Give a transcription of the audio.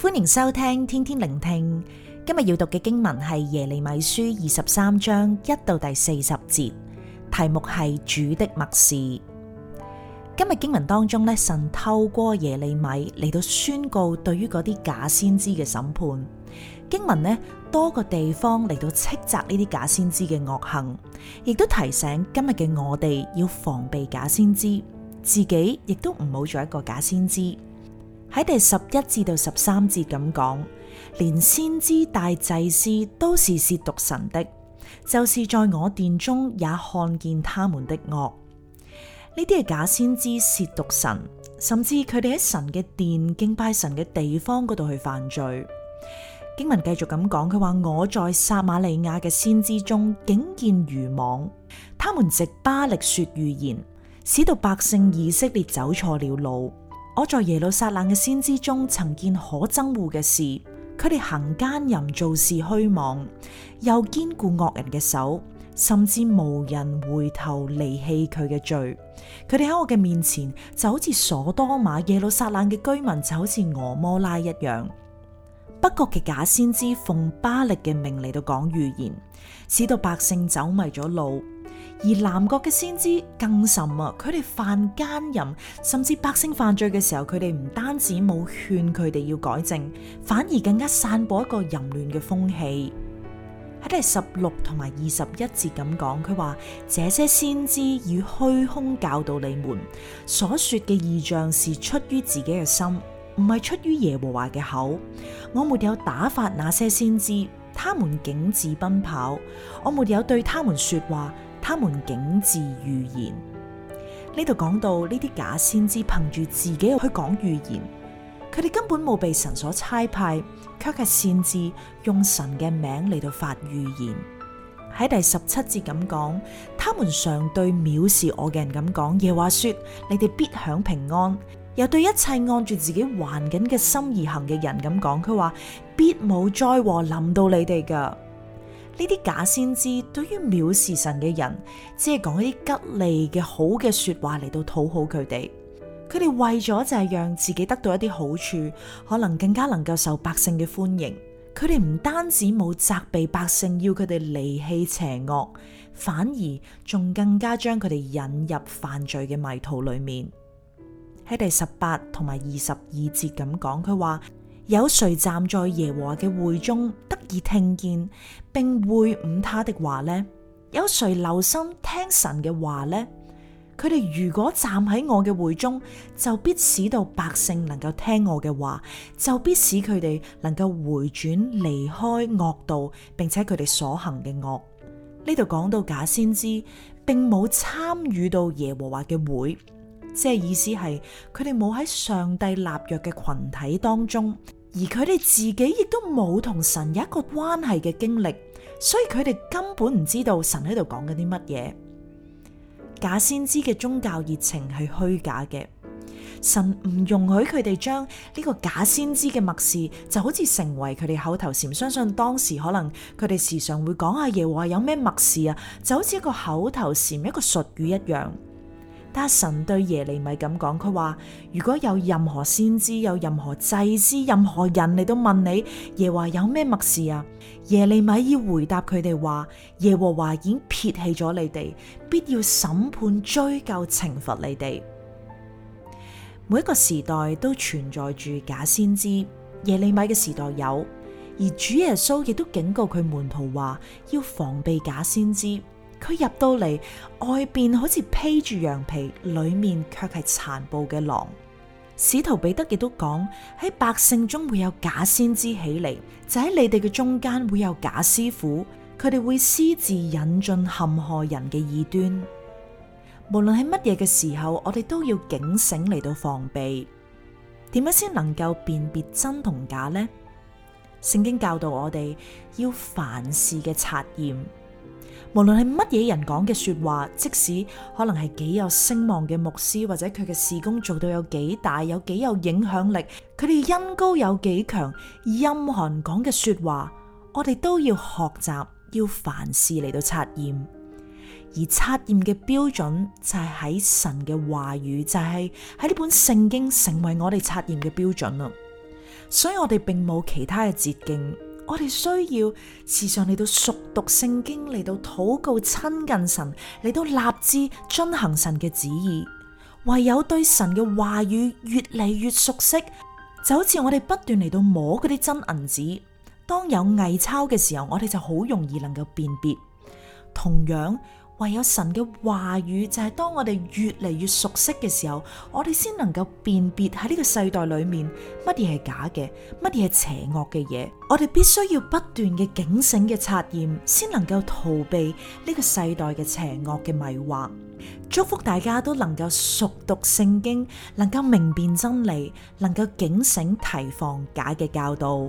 歡迎收聽天天聆聽，今日要讀嘅經文係耶利米書二十三章一到第四十節，題目係主的默示。今日經文當中咧，神透過耶利米嚟到宣告對於嗰啲假先知嘅審判。經文呢，多個地方嚟到斥責呢啲假先知嘅惡行，亦都提醒今日嘅我哋要防備假先知，自己亦都唔好做一個假先知。喺第十一至到十三節咁講，連先知大祭司都是褻瀆神的，就是在我殿中也看見他們的惡。呢啲係假先知褻瀆神，甚至佢哋喺神嘅殿敬拜神嘅地方嗰度去犯罪。經文繼續咁講，佢話我在撒瑪利亞嘅先知中，曾見愚妄，他們藉巴力說預言，使到百姓以色列走錯了路。我在耶路撒冷嘅先知中，曾見可憎惡嘅事，佢哋行奸淫，做事虛妄，又堅固惡人嘅手，甚至無人回頭離棄佢嘅罪。佢哋喺我嘅面前，就好似所多瑪、耶路撒冷嘅居民，就好似俄摩拉一樣。北國嘅假先知奉巴力嘅命嚟到講預言，使到百姓走迷咗路。而南國嘅先知更甚啊！佢哋犯奸淫，甚至百姓犯罪嘅時候，佢哋唔單止冇勸佢哋要改正，反而更加散播一個淫亂嘅風氣。喺第十六同埋二十一節咁講，佢話：「這些先知以虛空教導你們，所說嘅異象是出於自己嘅心，唔係出於耶和華嘅口。我沒有打發那些先知，他們竟自奔跑；我沒有對他們說話。他們竟自預言，呢度講到呢啲假先知憑住自己去講預言，佢哋根本冇被神所差派，卻係擅自用神嘅名嚟到發預言。喺第十七節咁講，他們常對藐視我嘅人咁講，耶話說你哋必享平安；又對一切按住自己頑梗嘅心而行嘅人咁講，佢話必冇災禍臨到你哋噶。呢啲假先知對於藐視神嘅人，只係講一啲吉利嘅好嘅說話嚟到討好佢哋。佢哋為咗就係讓自己得到一啲好處，可能更加能夠受百姓嘅歡迎。佢哋唔單止冇責備百姓要佢哋離棄邪惡，反而仲更加將佢哋引入犯罪嘅迷途裏面。喺第十八同埋二十二節咁講，佢話有誰站在耶和華嘅會中？而聽見並會悟他的話呢？有誰留心聽神嘅話呢？佢哋如果站喺我嘅會中，就必使到百姓能夠聽我嘅話，就必使佢哋能夠回轉離開惡道，並且佢哋所行嘅惡。呢度講到假先知，並冇參與到耶和華嘅會，即係意思係佢哋冇喺上帝立約嘅群體當中。而佢哋自己亦都冇同神有一個關係嘅經歷，所以佢哋根本唔知道神喺度講緊啲乜嘢。假先知嘅宗教熱情係虛假嘅，神唔容許佢哋將呢個假先知嘅默示就好似成為佢哋口頭禪。相信當時可能佢哋時常會講下嘢，話說有咩默示啊，就好似一個口頭禪，一個術語一樣。但神對耶利米咁講，佢話：如果有任何先知、有任何祭司、任何人嚟到問你，耶華有咩默示啊？耶利米要回答佢哋話：耶和華已經撇棄咗你哋，必要審判、追究、懲罰你哋。每一個時代都存在住假先知，耶利米嘅時代有，而主耶穌亦都警告佢門徒話：要防備假先知。佢入到嚟，外邊好似披住羊皮，裏面卻係殘暴嘅狼。使徒彼得亦都講，喺百姓中會有假先知起嚟，就喺你哋嘅中間會有假師傅，佢哋會私自引進陷害人嘅異端。無論喺乜嘢嘅時候，我哋都要警醒嚟到防備。點樣先能夠辨別真同假呢？聖經教導我哋要凡事嘅察驗。無論係乜嘢人講嘅說話，即使可能係幾有聲望嘅牧師或者佢嘅事工做到有幾大，有幾有影響力，佢哋恩膏有幾強，任何人講嘅說話，我哋都要學習，要凡事嚟到測驗，而測驗嘅標準就係喺神嘅話語，就係喺呢本聖經成為我哋測驗嘅標準啦。所以我哋並冇其他嘅捷徑。我哋需要時常嚟到熟讀聖經，嚟到禱告親近神，嚟到立志遵行神嘅旨意。唯有對神嘅話語越嚟越熟悉，就好似我哋不斷嚟到摸嗰啲真銀紙，當有偽鈔嘅時候，我哋就好容易能夠辨別。同樣。唯有神嘅話語，就係當我哋越嚟越熟悉嘅時候，我哋先能夠辨別喺呢個世代裏面乜嘢係假嘅，乜嘢係邪惡嘅嘢。我哋必須要不斷嘅警醒嘅察驗，先能夠逃避呢個世代嘅邪惡嘅迷惑。祝福大家都能夠熟讀聖經，能夠明辨真理，能夠警醒提防假嘅教導。